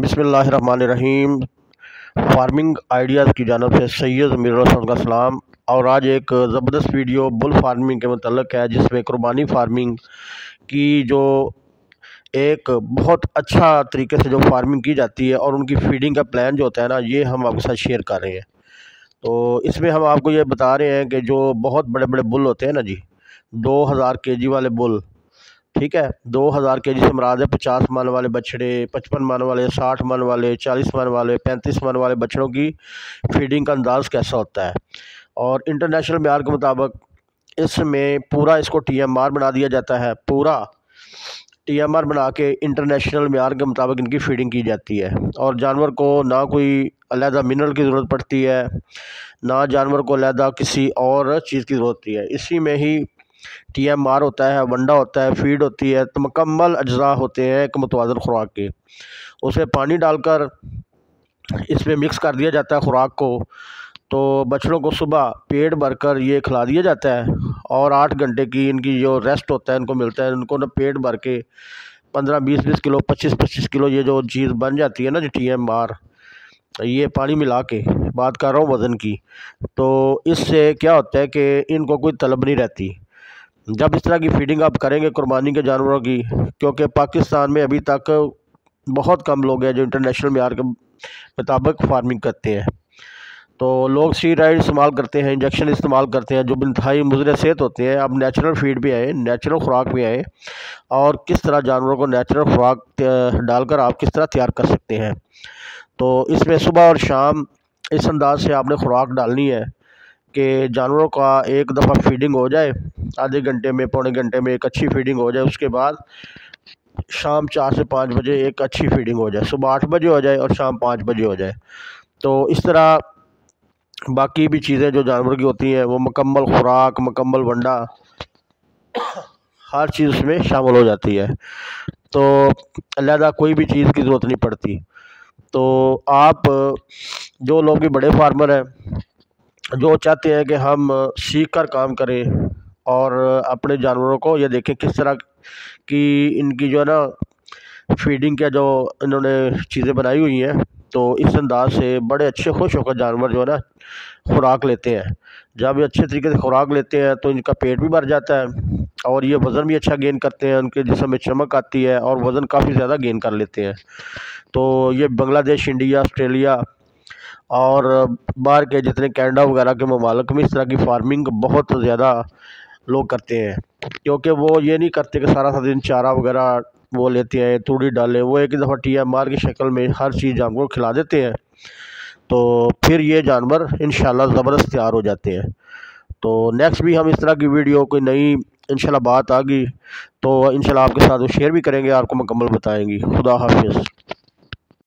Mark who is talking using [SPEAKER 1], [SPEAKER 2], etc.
[SPEAKER 1] بسم اللہ الرحمن الرحیم فارمنگ آئیڈیاز کی جانب سے سید امیر رسول اللہ سلام اور آج ایک زبردست ویڈیو بل فارمنگ کے متعلق ہے جس میں قربانی فارمنگ کی جو ایک بہت اچھا طریقے سے جو فارمنگ کی جاتی ہے اور ان کی فیڈنگ کا پلان جو ہوتا ہے نا یہ ہم آپ کے ساتھ شیئر کر رہے ہیں تو اس میں ہم آپ کو یہ بتا رہے ہیں کہ جو بہت بڑے بڑے بل ہوتے ہیں نا جی دو ہزار کے جی والے بل ٹھیک ہے دو ہزار کے جی سے مراد ہے پچاس من والے بچھڑے پچپن مان والے ساٹھ من والے چالیس مان والے پینتیس من والے بچھڑوں کی فیڈنگ کا انداز کیسا ہوتا ہے اور انٹرنیشنل معیار کے مطابق اس میں پورا اس کو ٹی ایم آر بنا دیا جاتا ہے پورا ٹی ایم آر بنا کے انٹرنیشنل معیار کے مطابق ان کی فیڈنگ کی جاتی ہے اور جانور کو نہ کوئی علیحدہ منرل کی ضرورت پڑتی ہے نہ جانور کو علیحدہ کسی اور چیز کی ضرورت ہوتی ہے اسی میں ہی ٹی ایم آر ہوتا ہے ونڈا ہوتا ہے فیڈ ہوتی ہے تو مکمل اجزاء ہوتے ہیں ایک متوازن خوراک کے اس میں پانی ڈال کر اس میں مکس کر دیا جاتا ہے خوراک کو تو بچڑوں کو صبح پیٹ بھر کر یہ کھلا دیا جاتا ہے اور آٹھ گھنٹے کی ان کی جو ریسٹ ہوتا ہے ان کو ملتا ہے ان کو نا پیٹ بھر کے پندرہ بیس بیس کلو پچیس پچیس کلو یہ جو چیز بن جاتی ہے نا جو ٹی ایم آر یہ پانی ملا کے بات کر رہا ہوں وزن کی تو اس سے کیا ہوتا ہے کہ ان کو کوئی طلب نہیں رہتی جب اس طرح کی فیڈنگ آپ کریں گے قربانی کے جانوروں کی کیونکہ پاکستان میں ابھی تک بہت کم لوگ ہیں جو انٹرنیشنل معیار کے مطابق فارمنگ کرتے ہیں تو لوگ سیرائڈ استعمال کرتے ہیں انجیکشن استعمال کرتے ہیں جو بنتہائی مضر صحت ہوتے ہیں اب نیچرل فیڈ بھی آئے نیچرل خوراک بھی آئے اور کس طرح جانوروں کو نیچرل خوراک ڈال کر آپ کس طرح تیار کر سکتے ہیں تو اس میں صبح اور شام اس انداز سے آپ نے خوراک ڈالنی ہے کہ جانوروں کا ایک دفعہ فیڈنگ ہو جائے آدھے گھنٹے میں پونے گھنٹے میں ایک اچھی فیڈنگ ہو جائے اس کے بعد شام چار سے پانچ بجے ایک اچھی فیڈنگ ہو جائے صبح آٹھ بجے ہو جائے اور شام پانچ بجے ہو جائے تو اس طرح باقی بھی چیزیں جو جانور کی ہوتی ہیں وہ مکمل خوراک مکمل ونڈا ہر چیز اس میں شامل ہو جاتی ہے تو علیحدہ کوئی بھی چیز کی ضرورت نہیں پڑتی تو آپ جو لوگ بھی بڑے فارمر ہیں جو چاہتے ہیں کہ ہم سیکھ کر کام کریں اور اپنے جانوروں کو یہ دیکھیں کس طرح کی ان کی جو ہے نا فیڈنگ کے جو انہوں نے چیزیں بنائی ہوئی ہیں تو اس انداز سے بڑے اچھے خوش ہو کر جانور جو ہے نا خوراک لیتے ہیں جب یہ اچھے طریقے سے خوراک لیتے ہیں تو ان کا پیٹ بھی بھر جاتا ہے اور یہ وزن بھی اچھا گین کرتے ہیں ان کے جسم میں چمک آتی ہے اور وزن کافی زیادہ گین کر لیتے ہیں تو یہ بنگلہ دیش انڈیا آسٹریلیا اور باہر کے جتنے کینیڈا وغیرہ کے ممالک میں اس طرح کی فارمنگ بہت زیادہ لوگ کرتے ہیں کیونکہ وہ یہ نہیں کرتے کہ سارا سا دن چارہ وغیرہ وہ لیتے ہیں توڑی ڈالے وہ ایک دفعہ ٹی ایم آر کی شکل میں ہر چیز جانور کو کھلا دیتے ہیں تو پھر یہ جانور انشاءاللہ زبرست زبردست تیار ہو جاتے ہیں تو نیکسٹ بھی ہم اس طرح کی ویڈیو کوئی نئی انشاءاللہ بات آگی تو انشاءاللہ آپ کے ساتھ وہ شیئر بھی کریں گے آپ کو مکمل بتائیں گی خدا حافظ